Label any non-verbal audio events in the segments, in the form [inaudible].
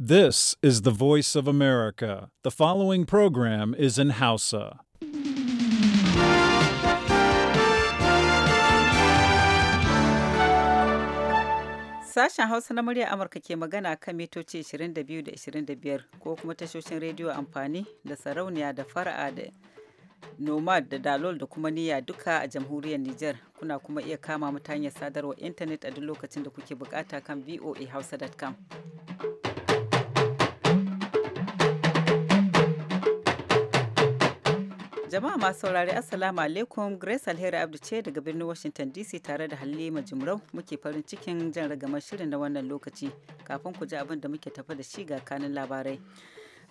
This is the voice of America. The following program is in Hausa. Sashen Hausa na murya Amurka ke magana kan mitoci 22 da 25 ko kuma tashoshin rediyo amfani da sarauniya da fara'a da nomad da dalol da kuma niyya duka a jamhuriyar Nijar. Kuna kuma iya kama mutane sadarwar intanet a duk lokacin da kuke bukata kan voahausa.com. Jama'a masu saurari Assalamu alaikum Grace Alheri Abdu ce daga birnin Washington DC tare da Halima jimrau muke farin cikin jan ragamar shirin na wannan lokaci kafin ku ji abin da muke tafa da shi ga kanin labarai.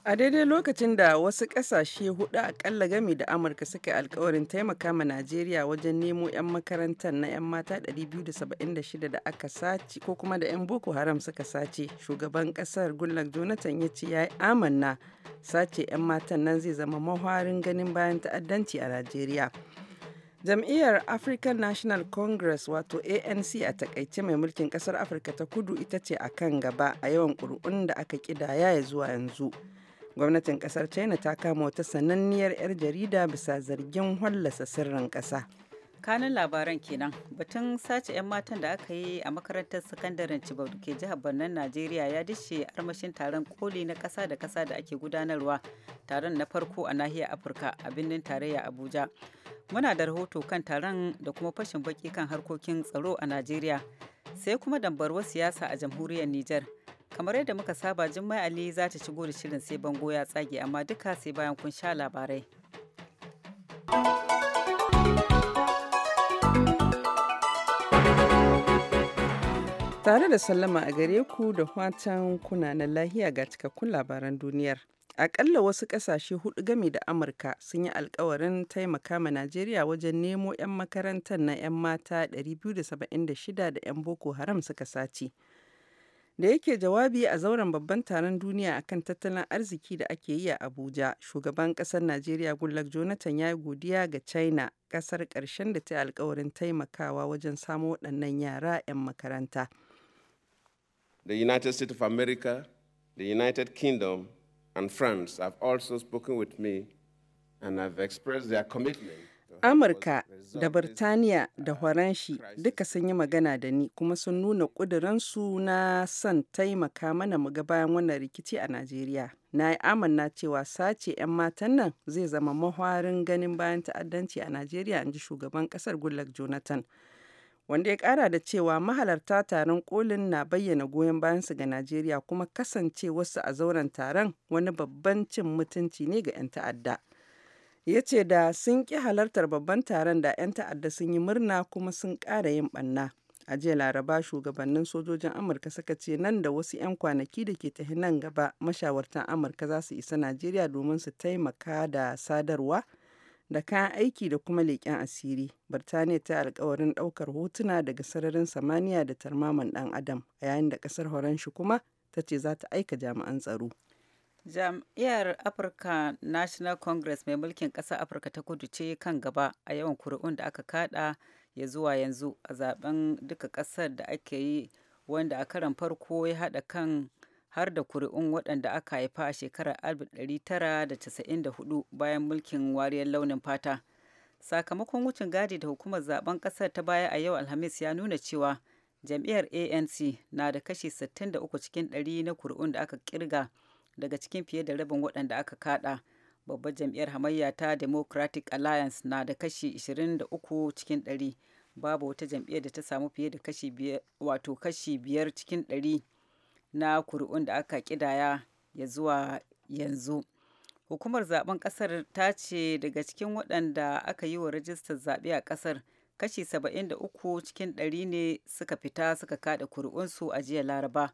A daidai lokacin da wasu ƙasashe hudu akalla gami da Amurka suka yi alkawarin taimaka ma Najeriya wajen nemo 'yan makarantar na 'yan mata 276 da aka sace ko kuma da 'yan Boko Haram suka sace, shugaban ƙasar Goodluck Jonathan ya ce ya yi amanna sace 'yan matan nan zai zama mahwarin ganin bayan ta'addanci a Najeriya. Jam'iyyar African National Congress wato ANC a takaice mai mulkin kasar Afirka ta kudu ita ce a kan gaba a yawan ƙuri'un da aka ƙidaya ya zuwa yanzu. gwamnatin kasar china ta kama wata sananniyar 'yar jarida bisa zargin wallasa sirrin kasa kanun labaran kenan batun sace 'yan matan da aka yi a makarantar sakandaren cibau ke jihar bannan najeriya ya dishe armashin taron koli na kasa da kasa da ake gudanarwa taron na farko a nahiyar afirka a birnin tarayya abuja muna da rahoto kan taron da kuma fashin baki kan harkokin tsaro a najeriya sai kuma dambarwar siyasa a jamhuriyar niger kamar yadda muka saba jummai ali za ta shigo da shirin sai bango ya tsage amma duka sai bayan kun sha labarai tare da sallama a gare ku da watan kuna na lahiya ga cikakkun labaran duniyar Akalla wasu ƙasashe hudu game da Amurka sun yi alkawarin taimaka ma Najeriya wajen nemo 'yan makarantar na 'yan mata 276 da 'yan Boko Haram suka sace. Da yake jawabi a zauren babban taron duniya akan tattalin arziki da ake yi a Abuja, shugaban ƙasar Najeriya gullak Jonathan ya yi godiya ga China, ƙasar ƙarshen da ta yi alkawarin taimakawa wajen samo waɗannan yara 'yan makaranta. The United States of America, the United Kingdom, and France have also spoken with me and have expressed their commitment Amurka da Birtaniya da Horanshi duka sun yi magana da ni kuma sun nuna ƙuduransu na son taimaka mana mu bayan wannan rikici a Najeriya. Na yi amanna cewa sace 'yan matan nan zai zama mahwarin ganin bayan ta'addanci a Najeriya in ji shugaban ƙasar Goodluck Jonathan. Wanda ya ƙara da cewa mahalarta taron kolin na bayyana goyon bayansu ga Najeriya kuma kasance a zauren taron wani babban cin mutunci ne ga 'yan ta'adda. ya ce da sun ƙi halartar babban taron da 'yan ta'adda sun yi murna kuma sun ƙara yin ɓanna. a jiya laraba shugabannin sojojin amurka suka ce nan da wasu 'yan kwanaki da ke tafi nan gaba mashawartan amurka za su isa najeriya domin su taimaka da sadarwa da kayan aiki da kuma leƙen asiri birtaniya ta alkawarin ɗaukar hotuna daga sararin samaniya da tarmaman ɗan adam a yayin da ƙasar horanshi kuma ta ce za ta aika jami'an tsaro jam'iyyar afirka national congress mai mulkin ƙasar afirka ta kudu ce kan gaba a yawan kuri'un da aka kada ya zuwa yanzu a zaben duka ƙasar da ake yi wanda a karan farko ya haɗa kan har da kuri'un waɗanda aka haifa a shekarar 1994 bayan mulkin wariyar launin fata sakamakon wucin gadi da hukumar zaben ƙasar ta baya a yau alhamis ya nuna cewa jam'iyyar anc na da kashi 63 cikin 100 na kuri'un da aka kirga daga cikin fiye da rabin waɗanda aka kada babbar jam'iyyar hamayya ta democratic alliance na da kashi 23 cikin 100 babu wata jam'iyyar da ta samu fiye da kashi biyar wato kashi biyar cikin 100 na kuri'un da aka kidaya ya zuwa yanzu hukumar zaben kasar ta ce daga cikin waɗanda aka yi wa rajistar zaɓe a kasar kashi 73 cikin 100 ne suka fita suka kada kuri'unsu a jiya laraba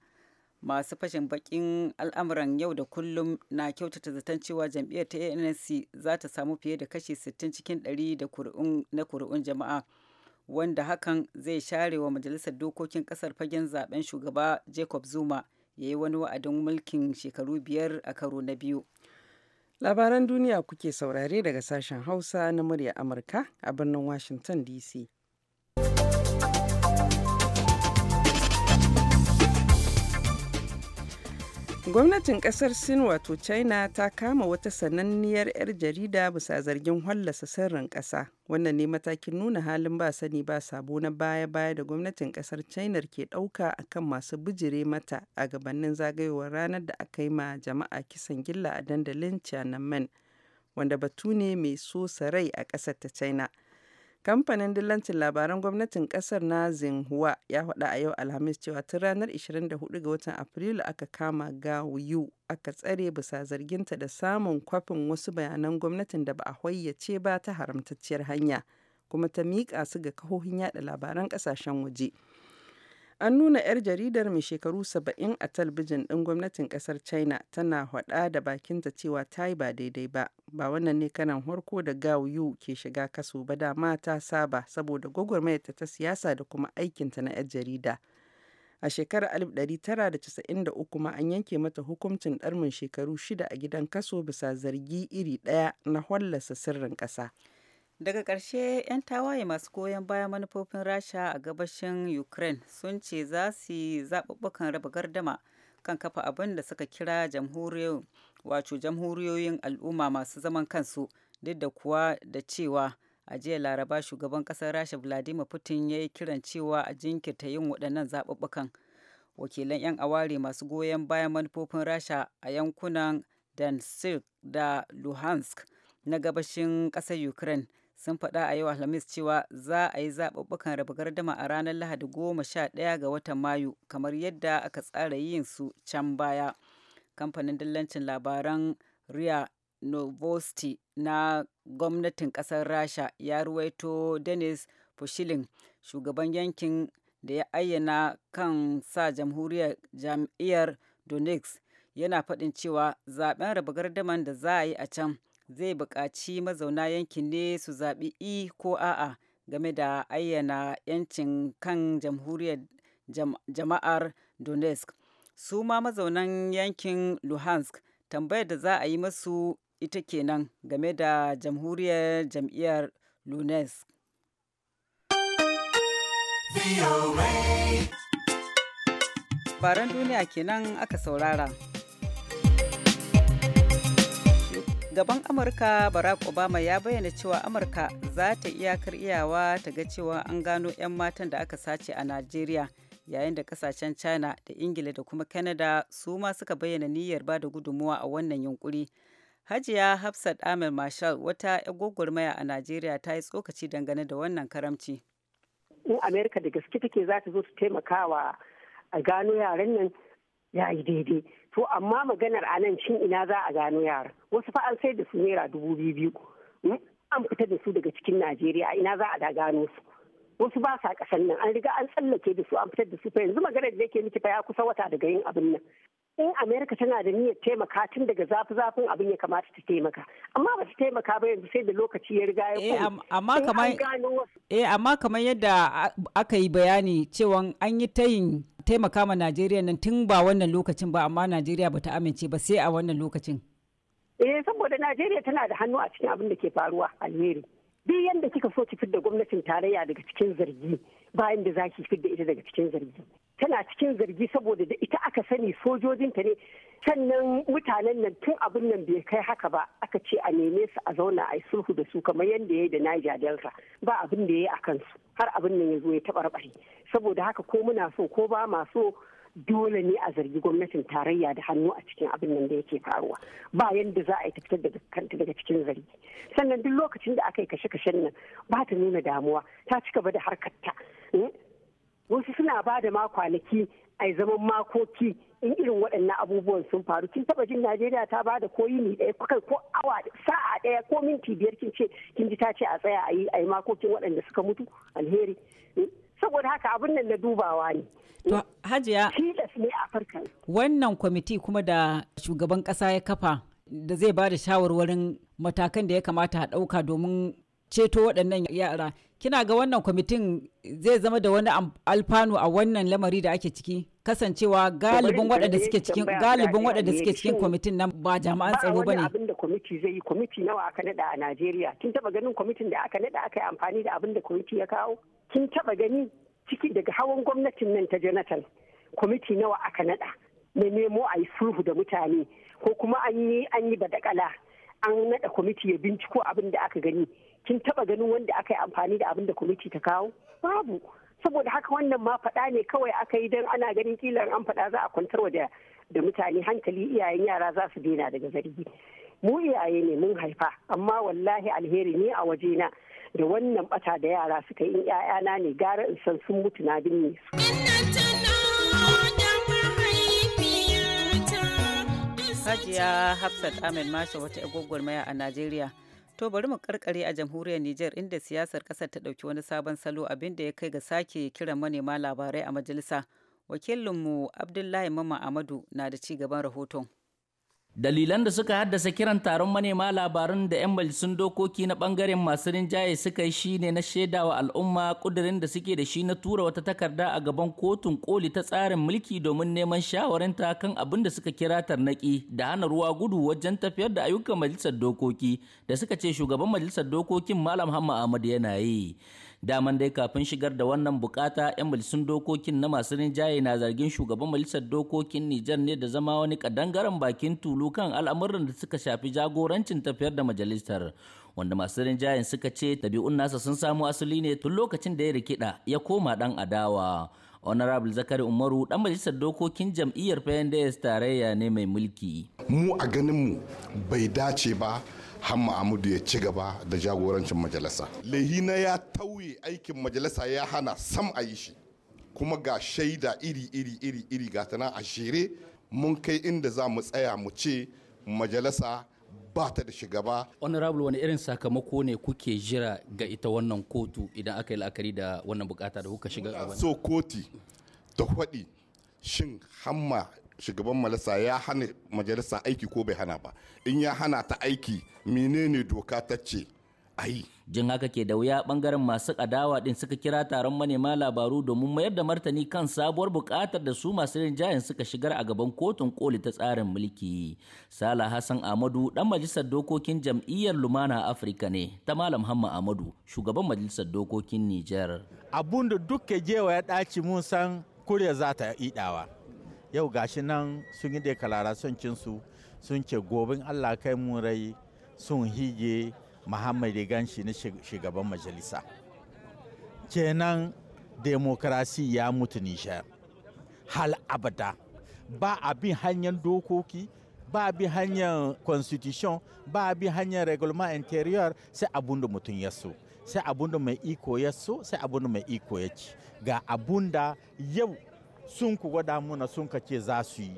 masu fashin bakin al'amuran yau da kullum na kyautata zaton cewa jam'iyyar ta anc za ta samu fiye da kashi 60 cikin 100 na kuri'un jama'a wanda hakan zai share wa majalisar dokokin kasar fagen zaben shugaba jacob zuma ya yi wani wa'adin mulkin shekaru biyar a karo na biyu labaran duniya kuke saurare daga sashen hausa na murya amurka a birnin washington dc Gwamnatin kasar Sin wato China ta kama wata sananniyar 'yar jarida bisa zargin hallasa sirrin ƙasa. Wannan ne matakin nuna halin ba sani ba sabo na baya-baya da gwamnatin kasar China ke ɗauka akan masu bijire mata a gabanin zagayowar ranar da aka yi ma jama'a kisan gilla a dandalin Tiananmen, wanda batu ne mai so sarai a ƙasar ta China. Kamfanin dillancin labaran gwamnatin kasar na Xinhua ya faɗa a yau Alhamis cewa tun ranar 24 ga watan Afrilu aka kama ga Yu aka tsare bisa zarginta da samun kwafin wasu bayanan gwamnatin da ba a hoyyace ba ta haramtacciyar hanya kuma ta miƙa su ga kahohin yada labaran ƙasashen waje. An nuna 'yar jaridar mai shekaru 70 a talbijin ɗin gwamnatin ƙasar China tana haɗa da bakinta cewa ta yi ba daidai ba. Ba wannan ne karan harko da Gao Yu ke shiga kaso ba da mata saba saboda gwagwarmayarta ta siyasa da kuma aikinta na 'yar jarida. A shekarar 1993 ma an yanke mata hukuncin ɗarmin shekaru shida a gidan kaso bisa zargi iri ɗaya na hollasa sirrin ƙasa. daga ƙarshe 'yan tawaye masu goyon bayan manufofin rasha a gabashin ukraine sun ce za su yi zaɓuɓɓukan raba gardama kan kafa abin da suka kira jamhuriyoyin wato jamhuriyoyin al'umma masu zaman kansu duk da kuwa da cewa a jiya laraba shugaban ƙasar rasha vladimir putin ya yi kiran cewa a jinkirta yin waɗannan zaɓuɓɓukan wakilan 'yan aware masu goyon bayan manufofin rasha a yankunan danzig da luhansk na gabashin ƙasar ukraine sun faɗa a yau alhamis cewa za a yi zaɓuɓɓukan raba gardama a ranar lahadi goma sha ɗaya ga watan mayu kamar yadda aka tsara yin su can baya kamfanin dillancin labaran ria novosti na gwamnatin ƙasar rasha ya ruwaito denis fushilin shugaban yankin da ya ayyana kan sa jamhuriyar jam'iyyar donetsk yana faɗin cewa zaɓen raba gardaman da za a yi a can zai buƙaci mazauna yankin ne su zaɓi i ko a'a game da ayyana 'yancin kan jamhuriyar jama'ar donetsk su ma mazaunan yankin luhansk tambayar da za a yi masu ita kenan game da jamhuriyar jam'iyyar luhansk Baran duniya kenan aka saurara. shugaban amurka barack obama ya bayyana cewa amurka za ta iyakar iyawa ta ga cewa an gano 'yan matan da aka sace a najeriya yayin da kasashen china da ingila da kuma canada su ma suka bayyana niyyar ba da gudunmuwa a wannan yunkuri hajiya hafsat amir marshall wata gwagwarmaya a najeriya ta yi tsokaci dangane da wannan karamci in amerika da gaske take za ta zo su taimakawa a gano yaren nan ya yi daidai to amma maganar a nan shin ina za a gano yara wasu fa an sai da su naira dubu biyu biyu hmm? an fita da su daga cikin najeriya a ina za a da gano su wasu ba sa kasan nan an riga an tsallake da su an fitar da su fa yanzu maganar da yake miki fa ya kusa wata daga yin abin nan in Amerika tana da niyyar taimaka tun daga zafi zafin abin ya kamata ta taimaka amma ba ta taimaka ba yanzu sai da lokaci ya riga ya eh, amma kamar eh amma kamar yadda aka yi bayani cewa an yi tayin taimaka ma Najeriya nan tun ba wannan lokacin ba amma Najeriya ba ta amince ba sai a wannan lokacin. Eh saboda Najeriya tana da hannu a cikin abin da ke faruwa alheri. Duk yadda kika so ki fidda gwamnatin tarayya daga cikin zargi bayan da za ki fidda ita daga cikin zargi. tana cikin zargi saboda da ita aka sani sojojinta ne sannan mutanen nan tun abin nan bai kai haka ba aka ce a neme su a zauna a yi sulhu da su kamar yadda ya yi da Niger Delta ba abin da ya yi a kansu har abin nan ya zo ya taɓarɓare saboda haka ko muna so ko ba ma so dole ne a zargi gwamnatin tarayya da hannu a cikin abin nan da yake faruwa ba yadda za a yi tafitar da kanta daga cikin zargi sannan duk lokacin da aka yi kashe-kashen nan ba ta nuna damuwa ta ci gaba da harkarta hmm? wasu suna ba da ma kwanaki a zaman makoki in irin waɗannan abubuwan sun faru kin taba jin Najeriya ta ba da koyi ni ɗaya kai ko awa sa'a ɗaya ko minti biyar kin ce kin ji ta ce a tsaya a yi a yi makokin waɗanda suka mutu alheri hmm? saboda haka abin nan na dubawa ne to hajiya tilas ne a farkan wannan kwamiti kuma da shugaban ƙasa ya kafa da zai ba da shawarwarin matakan da ya kamata a ɗauka domin ceto waɗannan yara kina ga wannan kwamitin zai zama da wani alfanu a wannan lamari da ake ciki kasancewa galibin waɗanda suke cikin galibin waɗanda suke cikin kwamitin nan ba jami'an tsaro bane abin da kwamiti zai yi kwamiti nawa aka nada a Najeriya kin taba ganin kwamitin da aka nada aka yi amfani da abin da kwamiti ya kawo kin taba gani ciki daga hawan gwamnatin nan ta Jonathan kwamiti nawa aka nada na nemo a yi sulhu da mutane ko kuma an yi an yi badakala an nada kwamiti ya binciko abin da aka gani kin taba ganin wanda aka yi amfani da abin da kwamiti ta kawo babu saboda haka wannan ma faɗa ne kawai aka yi don ana ganin kila an faɗa za a kwantar wa da mutane hankali iyayen yara za su daina daga zargi mu iyaye ne mun haifa amma wallahi alheri ne a waje na da wannan bata da yara suka yi in na ne gara in san sun mutu na binne su Hajiya Hafsat Ahmed Masha wata maya a Najeriya. To bari mu karkare a jamhuriyar Nijar inda siyasar kasar ta ɗauki wani sabon salo abin da ya kai ga sake kiran manema labarai a majalisa. Wakilinmu Abdullahi Mama Amadu na da ci gaban rahoton. Dalilan da suka haddasa kiran taron manema labarun da 'yan majalisun dokoki na bangaren masu rinjaye suka yi shi ne na shaidawa al'umma kudirin da suke da shi na tura wata takarda a gaban kotun koli ta tsarin mulki domin neman shawarinta kan abin da suka kira tarnaki da hana ruwa gudu wajen tafiyar da ayyukan majalisar dokoki da suka ce shugaban majalisar dokokin Malam Hamma Ahmad yana yi. daman dai kafin shigar da wannan bukata 'yan majalisun dokokin na masu rinjaye na zargin shugaban majalisar dokokin nijar ne da zama wani kadangaren bakin tulu kan al'amuran da suka shafi jagorancin tafiyar da majalisar wanda masu rinjayen suka ce tabi'un nasa sun samo asali ne tun lokacin da ya rikida ya koma dan adawa honorable zakari umaru dan majalisar dokokin jam'iyyar pnds tarayya ne mai mulki mu a ganin mu bai dace ba har Muhammadu ya ci gaba da jagorancin majalisa. Lehina ya tauye aikin majalisa ya hana sam a yi shi kuma ga shaida iri iri iri iri ga tana a mun kai inda za mu tsaya mu ce majalisa ba ta da shugaba. Honorable wani irin sakamako ne kuke jira ga ita wannan kotu idan aka yi la'akari da wannan bukata da kuka shiga gaba. So koti ta faɗi shin hamma shugaban malasa ya hana majalisa aiki ko bai hana ba in ya hana ta aiki menene doka ta ce ayi jin haka ke da wuya bangaren masu adawa din suka kira taron manema labaru domin mayar da martani kan sabuwar bukatar da su masu rinjayen suka shigar a gaban kotun koli ta tsarin mulki sala hassan amadu dan majalisar dokokin jam'iyyar lumana afirka ne ta malam hamma amadu shugaban majalisar dokokin nijar. abun da duk ke jewa ya ɗaci mun san kurya za ta idawa yau gashi nan sun yi dekalara cin cinsu sun ce gobin allah kai mu rai sun hige muhammad ganshi na shugaban majalisa kenan demokrasi ya mutu nishar hal abada ba a bin hanyar dokoki ba a bi hanyar constitution ba a bi hanyar reglement interior sai abun da mutum ya so sai abun da mai iko ya so sai abun da mai iko ya ci ga abun da yau sun ku gwada muna sun ka ce za su yi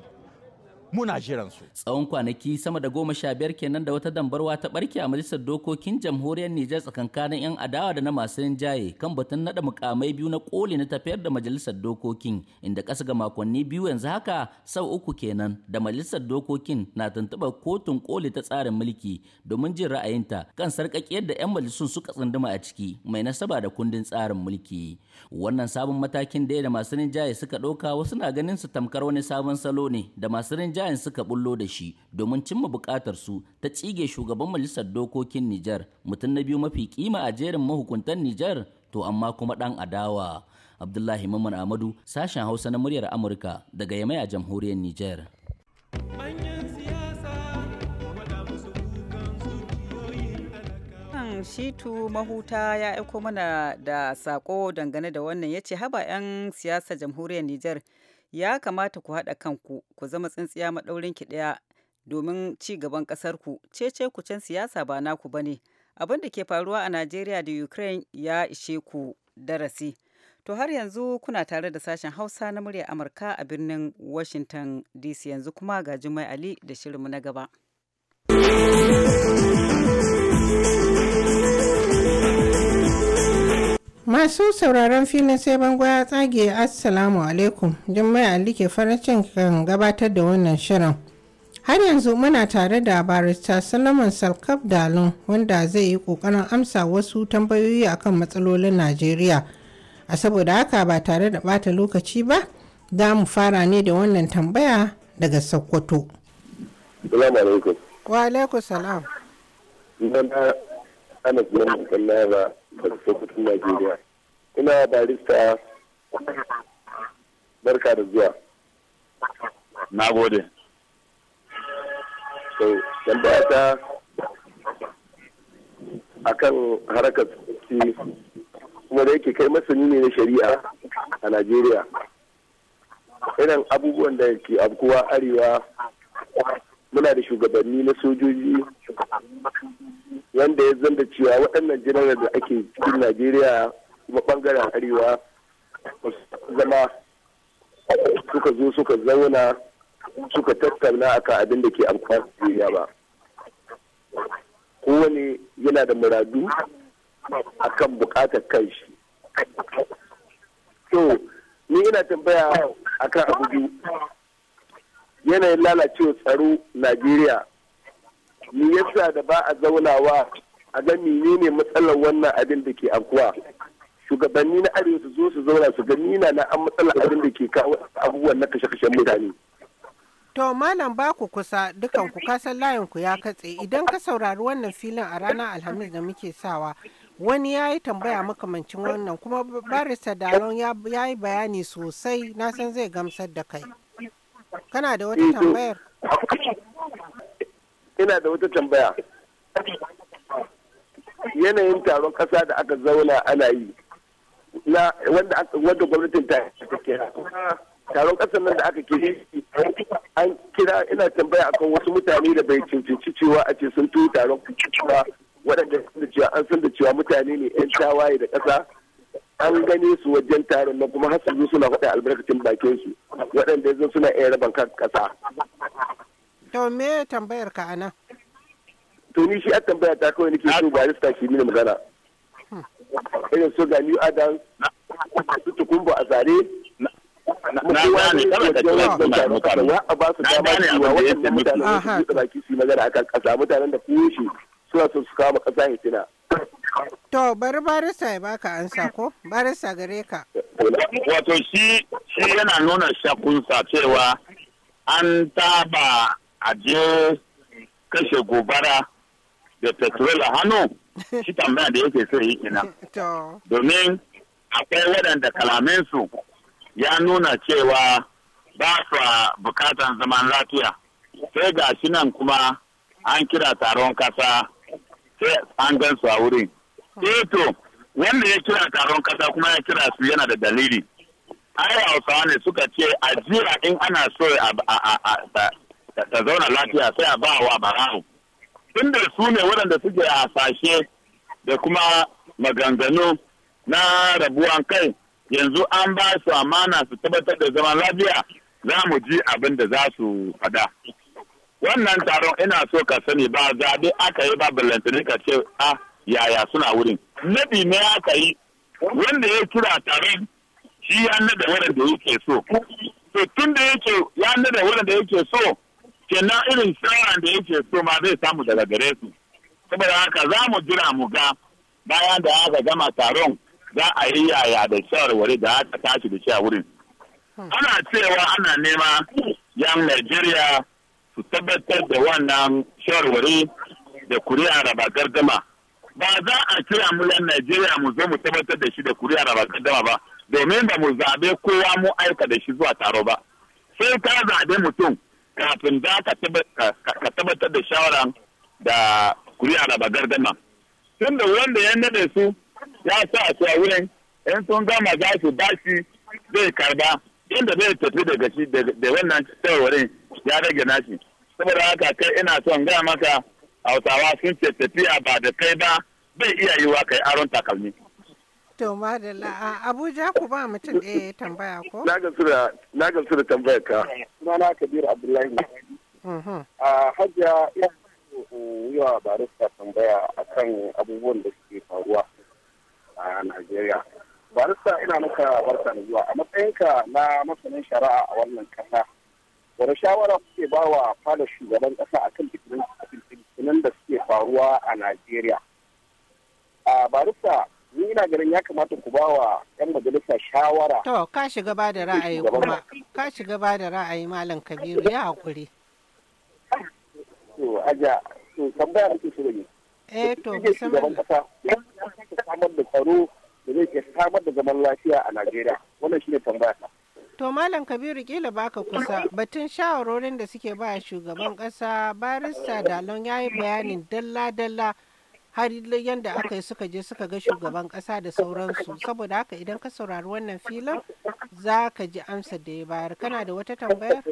muna jiran su. Tsawon kwanaki sama da goma sha biyar kenan da wata dambarwa ta barke a majalisar dokokin jamhuriyar Nijar tsakankanin 'yan adawa da na masu rinjaye kan batun nada mukamai biyu na koli na tafiyar da majalisar dokokin inda kasa ga makonni biyu yanzu haka sau uku kenan da majalisar dokokin na tuntuɓar kotun koli ta tsarin mulki domin jin ra'ayinta kan sarƙaƙiyar da 'yan majalisun suka tsunduma a ciki mai nasaba da kundin tsarin mulki. Wannan sabon matakin da masu rinjaye suka ɗauka wasu na ganin su tamkar wani sabon salo ne da masu rinjaye rinjayen suka bullo da shi domin cimma su ta tsige shugaban majalisar dokokin Nijar mutum na biyu mafi kima a jerin mahukuntan Nijar to amma kuma dan adawa. Abdullahi Mamman Amadu sashen Hausa na muryar Amurka daga Yamai a jamhuriyar Nijar. Shitu Mahuta ya aiko mana da sako dangane da wannan ya ce haba 'yan siyasa jamhuriyar Nijar. ya kamata ku haɗa kanku ku zama tsintsiya maɗaurin ki ɗaya domin ci gaban ƙasarku ce ku can siyasa ba naku ba ne abin da ke faruwa a najeriya da ukraine ya ishe ku darasi to har yanzu kuna tare da sashen hausa na murya amurka a birnin washington dc yanzu kuma ga jumai ali da shirinmu na gaba Masu sauraron filin sai bango ya tsage Assalamu alaikum, Jummai Ali ke kan gabatar da wannan shirin. Har yanzu muna tare da barista Solomon Salkab dalon wanda zai yi kokarin amsa wasu tambayoyi akan matsalolin Najeriya. A saboda haka ba tare da bata lokaci ba, za mu fara ne da wannan tambaya daga Sokoto. Wa alaikum salam. daga najeriya ina barista barka da zuwa na gode to akan harkar tsoki kuma da yake kai masani ne na shari'a a najeriya irin abubuwan da ke abkuwa arewa muna da shugabanni na sojoji wanda ya zanda cewa waɗannan jiragen da ake cikin najeriya kuma ɓangaren arewa zama suka zo suka zauna suka tattauna akan abin da ke amfani Najeriya ba kowane yana da muradu akan bukatar kanshi to ni ina tambaya akan abu biyu yanayin lalacewa tsaro Najeriya me yasa da ba a zaunawa a ga menene matsalar wannan abin da ke afuwa. shugabanni na arewa su zo su zauna su ga nina na an matsalar abin da ke kawo abubuwan na kashe mutane To malam ba ku kusa dukan ku kasan layin ku ya katse idan ka saurari wannan filin a ranar alhamis da muke sawa wani ya yi tambaya makamancin wannan kuma barista dalon ya yi bayani sosai na san zai gamsar da kai. Kana da wata eh, tambayar? Ina da wata tambaya. Yanayin taron ƙasa da aka zauna ana yi, wanda gwamnatin ta kira. Taron ƙasar nan da aka kira an kira ina tambaya akan wasu mutane da bai cancanci cewa a ce sun tuyi taron ba waɗanda an san da cewa mutane ne 'yan tawaye da ƙasa an gane su wajen taron na kuma hasu suna faɗa albarkacin bakin su waɗanda yanzu suna iya raban kan ƙasa. To me tambayar ka ana? To ni shi a tambaya ta kawai nake so barista shi mini magana. Irin so ga New Adam su tukumbo a zare. Na gane kawai da da mutane Na a ba su dama su wa waɗanda mutane su yi baki su yi magana akan ƙasa mutanen da kushe suna so su kama ƙasa hitina. To bari barista ya baka ansa ko barista gare ka. Wato shi shi yana nuna shakunsa cewa an taba aje kashe gobara da petrol a hannu shi tambaya da yake sai yi kenan. [laughs] Domin akwai waɗanda kalamin su ya nuna cewa ba su bukatan zaman lafiya. Sai ga shi nan kuma an kira taron kasa sai an gan su a wurin. eh wanda ya kira taron kasa kuma ya kira su yana da dalili ai hausawa ne suka ce a jira in ana so ta zauna lafiya sai a ba wa barahu tunda su ne waɗanda suke a sashe da kuma maganganu na rabuwan kai yanzu an ba su amana su tabbatar da zaman lafiya za mu ji abin da za su fada. Wannan taron ina so ka sani ba zaɓe aka yi ba ballantane ka ce a ah, yaya suna wurin naɗi ne ya yi wanda ya kira taron shi ya nada waɗanda yake so to tun da yake ya nada waɗanda yake so kenan irin sauran da yake so ma zai samu daga gare su saboda haka za mu jira mu ga bayan da aka gama taron za a yi yaya da shawarwari da aka tashi da shi a wurin ana cewa ana nema yan Najeriya su tabbatar da wannan shawarwari da kuri'a raba gardama ba za a kira mu yan Najeriya mu zo mu tabbatar da shi da kuri'a da ba domin ba mu zabe kowa mu aika da shi zuwa taro ba sai ka zaɓe mutum kafin za ka tabbatar da shawara da kuri'a da tun da wanda ya nade su ya sa su a wurin in sun gama za su ba shi zai karba inda zai tafi daga shi da wannan tsawarin ya rage nashi saboda haka kai ina son gaya maka hausawa sun ce tafiya ba da kai ba bai iya yiwa kai aron takalmi to madalla abuja ku ba mutum ya tambaya ko na gamsu da tambaya ka sunana kabir abdullahi mhm. a hajja ina yi wa barista tambaya akan abubuwan da suke faruwa a najeriya barista ina maka barka da zuwa a matsayinka na masanin shari'a a wannan kasa wani shawara kuke ba wa fada shugaban kasa akan fitilin fitinan da suke faruwa a Najeriya. A barista ni ina ganin ya kamata ku ba wa 'yan majalisa shawara. To, ka shiga ba da ra'ayi kuma, ka shiga ba da ra'ayi Malam Kabiru ya haƙuri. To, aja, to, tambaya ake shi ne. Eh, to, musamman. Ya kamata samar da tsaro da zai ke samar da zaman lafiya a Najeriya. Wannan shi ne tambaya ta. To Malam Kabiru kila baka kusa batun shawarorin da suke ba shugaban kasa barista dalon ya yi bayanin dalla-dalla har yadda aka yi suka je suka ga shugaban kasa da sauransu saboda haka idan ka saurari wannan filin za ka ji amsa da ya bayar kana da wata tambayar?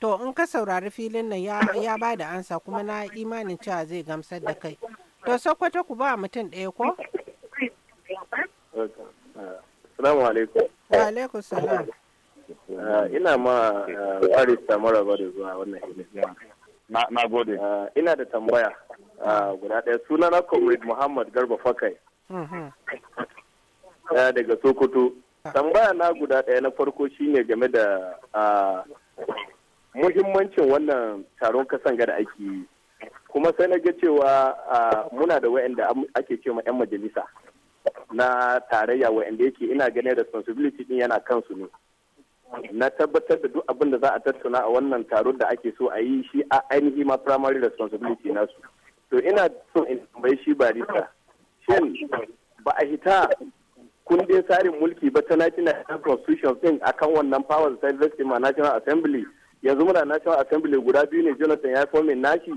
To in ka saurari filin nan ya ba da amsa kuma na imanin cewa zai gamsar da kai. To Sokoto ku ba mutum ɗaya ko? Assalamu alaikum. Wa alaikum salam. Eh, ina ma eh, barista maraba da zuwa wannan ilimin. Na gode. Eh, ina da tambaya guda ɗaya suna na Comrade Muhammad Garba Fakai. Mm-hmm. Daga Sokoto. Ah. Tambaya na guda ɗaya na farko shine game da muhimmancin wannan taron kasan da ake yi. Kuma sai na ga cewa muna da wa'anda ake cewa 'yan majalisa. na tarayya wa'anda yake ina ganin responsibility din yana kansu ne na tabbatar da duk abin da za a tattauna a wannan taron da ake so a yi shi a ainihi ma primary responsibility nasu to ina so in tambayi shi barista shin ba a hita kundin tsarin mulki ba ta national constitution din akan wannan powers ta vesting ma national assembly yanzu muna national assembly guda biyu ne jonathan ya fomin nashi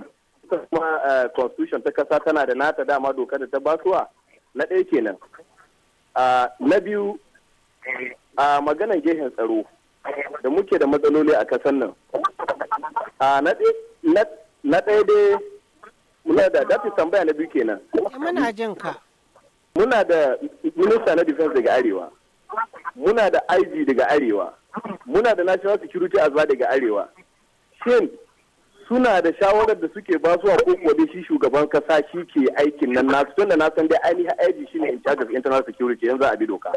kuma eh, constitution ta kasa tana da nata dama doka da ta basuwa na ɗaya kenan na biyu a maganan gehen tsaro da muke da matsaloli a kasan nan na ɗaya dai muna da dafi tambaya na biyu kenan eh, muna jin ka muna da minista na defense daga arewa muna da IG daga arewa muna da national security azwa daga arewa shin suna da shawarar da suke ba su a kuma da shi shugaban kasa shi ke aikin nan nasu tun da na dai ainihi aiki shi ne in charge of internal security yanzu a bi doka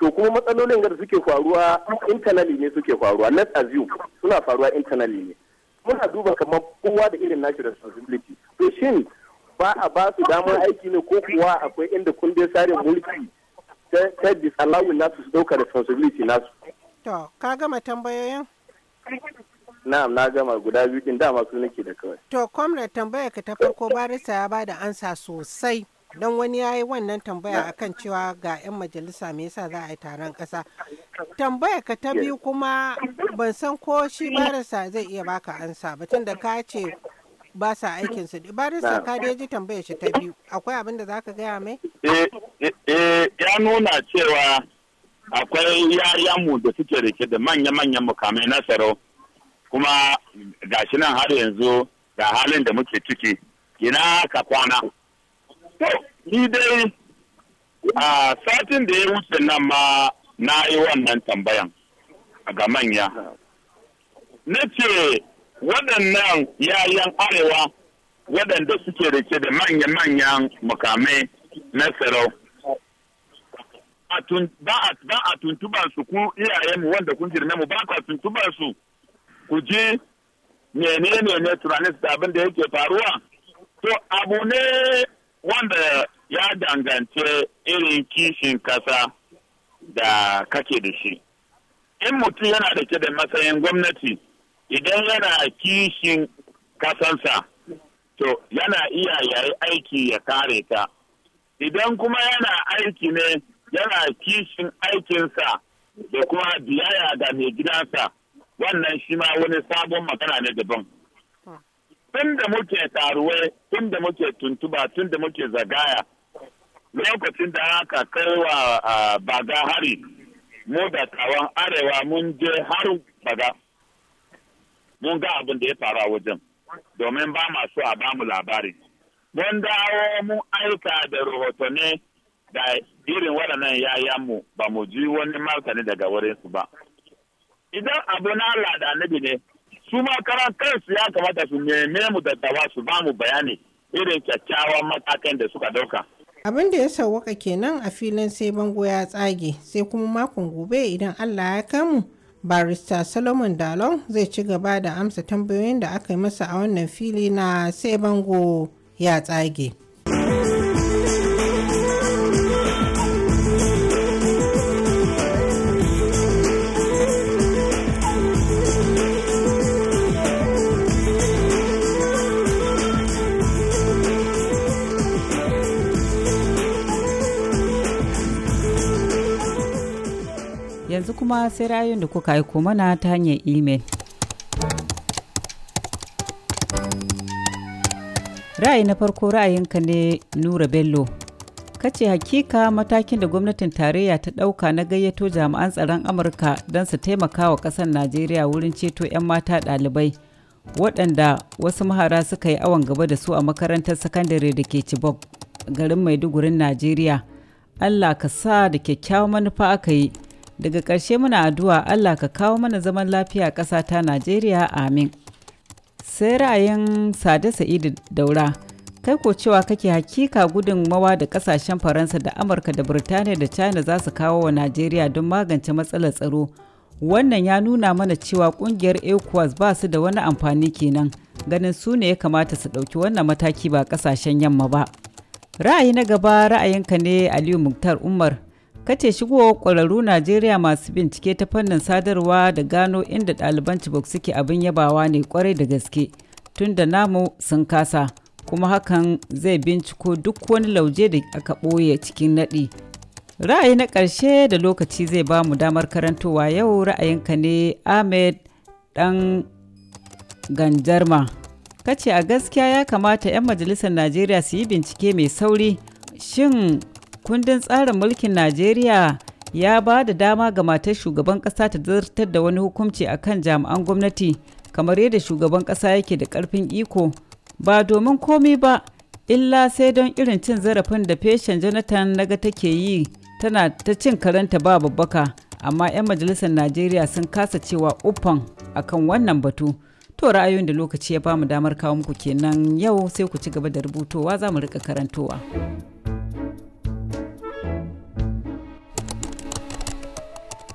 to kuma matsalolin da suke faruwa internally ne suke faruwa let's assume suna faruwa internally ne muna duba kamar kowa da irin nashi responsibility to shin ba a ba su damar aiki ne ko kuwa akwai inda kun dai sare mulki ta disallowing nasu su dauka responsibility nasu to ka gama tambayoyin Na'am na gama guda biyu din dama su nake da kawai. To comrade tambaya ka ta farko barista ya bada ansa sosai. Don wani ya yi wannan tambaya akan cewa ga 'yan majalisa me yasa za a yi taron ƙasa. Tambaya ka ta biyu kuma ban san ko shi barista zai iya baka ansa ba da ka ce ba sa aikin su barista ka dai ji tambaya shi ta biyu akwai abin da zaka gaya mai eh, eh, eh ya nuna cewa akwai yariyanmu da suke rike da manya-manyan mukamai na tsaro kuma gashi nan har yanzu ga halin da muke ciki ina ka kwana to ni dai a satin da ya wuce nan ma na yi wannan tambayan ga manya na ce waɗannan yayan arewa waɗanda suke rike da manya-manyan mukamai na tsaro ba a tuntuban su ku iyayenmu wanda kun girme mu ba ka tuntuban su ku ji menene ne tunanin abin da yake faruwa to abu ne wanda ya dangance irin kishin kasa da kake da shi in mutum yana da ke da matsayin gwamnati idan yana kishin kasansa to yana iya yayi aiki ya kare ta idan kuma yana aiki ne yana kishin aikinsa da kuma biyaya ga mai gidansa wannan shi ma wani sabon magana ne daban hmm. tun da muke taruwe tun da muke tuntuba tun da muke zagaya lokacin da aka kai a baga hari mu da kawan arewa mun je har baga mun ga abin da ya faru a wajen domin ba masu a bamu labari mun dawo mun aika da rahotanni da irin waɗannan yayanmu ba mu ji wani martani daga wurinsu ba idan abu na Allah da annabi ne su ma karan kansu ya kamata su neme mu dawa su ba mu bayani irin kyakkyawan matakan da suka dauka. Abin da ya sauwaka kenan a filin sai bango ya tsage sai kuma makon gobe idan Allah ya kamu barista Solomon Dalon zai ci gaba da amsa tambayoyin da aka yi masa a wannan fili na sai bango ya tsage. yanzu kuma sai ra'ayoyin da kuka aiko mana ta hanyar imel. Ra'ayi na farko ra'ayinka ne Nura Bello. Kace hakika matakin da gwamnatin tarayya ta ɗauka na gayyato jami'an tsaron Amurka don su taimaka wa ƙasar Najeriya wurin ceto 'yan mata ɗalibai waɗanda wasu mahara suka yi awon gaba da su a makarantar sakandare da ke Chibok garin Maidugurin Najeriya. Allah ka sa da kyakkyawan manufa aka yi daga ƙarshe muna addu'a allah ka kawo mana zaman lafiya ƙasa ta najeriya amin sai ra'ayin sade sa'idu daura kai ko cewa kake hakika gudun mawa da ƙasashen faransa da amurka da birtaniya da china za su kawo wa najeriya don magance matsalar tsaro wannan ya nuna mana cewa ƙungiyar ecowas ba su da wani amfani kenan ganin su ne ya kamata su ɗauki wannan mataki ba ƙasashen yamma ba ra'ayi na gaba ra'ayinka ne aliyu muktar umar kace shigo kwararru najeriya masu bincike ta fannin sadarwa da gano inda ɗaliban cibok suke abin yabawa ne kwarai da gaske tunda namu sun kasa kuma hakan zai binciko duk wani lauje da aka ɓoye cikin naɗi ra'ayi na ƙarshe da lokaci zai ba mu damar karantowa yau ra'ayinka ne ahmed ɗan ganjarma kace a gaskiya ya kamata 'yan majalisar najeriya su yi bincike mai sauri shin kundin tsarin mulkin Najeriya ya ba da dama ga matar shugaban ƙasa ta zartar da wani hukunci a kan jami'an gwamnati kamar yadda shugaban ƙasa yake da karfin iko ba domin komi ba illa sai don irin cin zarafin da feshen jonathan naga take yi tana ta cin karanta ba babbaka amma 'yan majalisar najeriya sun kasa cewa uffan akan wannan batu to ra'ayoyin da lokaci ya bamu damar kawo muku kenan yau sai ku ci gaba da rubutowa za mu rika karantowa.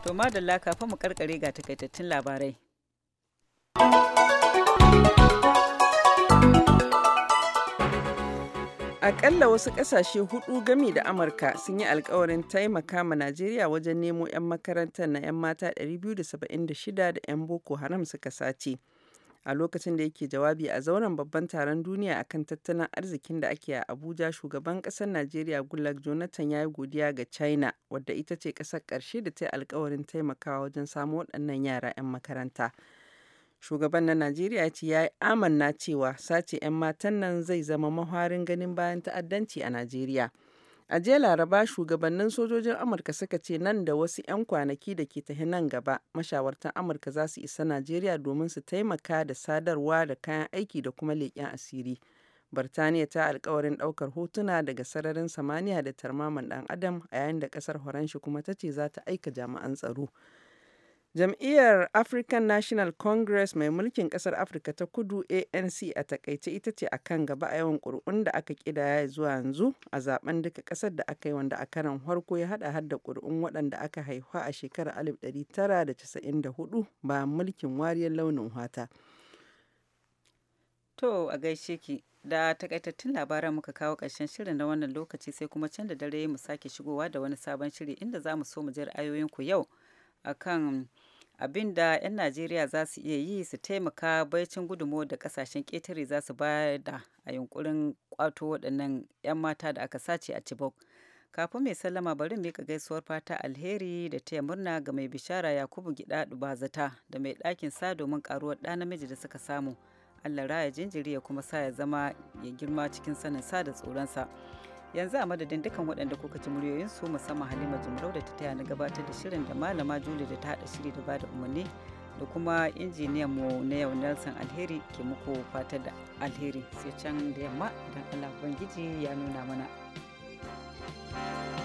To madalla kafin mu karkare ga takaitattun labarai. Akalla wasu ƙasashe hudu gami da Amurka sun yi alkawarin taimaka ma Najeriya wajen nemo 'yan makarantar na 'yan mata 276 da 'yan Boko Haram suka sace. a lokacin da yake jawabi a zauren babban taron duniya akan tattalin arzikin da ake a abuja shugaban kasar najeriya Gulag jonathan ya yi godiya ga china wadda ita ce kasar karshe da ta yi alkawarin taimakawa wajen samo waɗannan yara 'yan makaranta shugaban na najeriya ya ce ya yi amanna cewa sace 'yan matan nan zai zama maharin ganin bayan ta'addanci a najeriya A jiya Laraba shugabannin sojojin Amurka suka ce nan da wasu 'yan kwanaki da ke tahi nan gaba, mashawartan Amurka za su isa Najeriya domin su taimaka da sadarwa da kayan aiki da kuma leƙen asiri. Birtaniya ta alkawarin ɗaukar hotuna daga sararin samaniya da tarmaman ɗan adam a yayin da ƙasar Horanshi kuma ta ce za ta aika jami'an tsaro. Jam'iyyar African National Congress mai mulkin kasar Afirka ta Kudu ANC a takaice ita ce a kan gaba a yawan ƙuri'un da aka ƙidaya zuwa yanzu a zaben duka ƙasar da aka yi wanda a karan harko ya haɗa har da ƙuri'un waɗanda aka haifa a shekarar 1994 ba mulkin wariyar launin hata. To a gaishe ki da takaitattun labaran muka kawo ƙarshen shirin na wannan lokaci sai kuma can da dare mu sake shigowa da wani sabon shiri inda za mu so mu ji ra'ayoyinku yau akan abin da 'yan najeriya za su iya yi su taimaka baicin gudumo da kasashen ƙetare za su da a yunkurin kwato waɗannan 'yan mata da aka sace a chibok kafin mai sallama bari mika gaisuwar fata alheri da taya murna ga mai bishara yakubu gida dubazata da mai ɗakin sa domin karuwar ɗa namiji da suka samu allah raya jinjiri ya kuma sa ya zama ya girma cikin sanin sa da tsoronsa. yanzu a madadin dukkan waɗanda kuka ci muryoyin su musamman halima jimrau da ta taya na gabatar da shirin da malama juli da ta haɗa shiri da bada umarni da kuma injiniyan mu na yau nelson alheri ke muku fatar da alheri sai can da yamma don allah ubangiji ya nuna mana thank you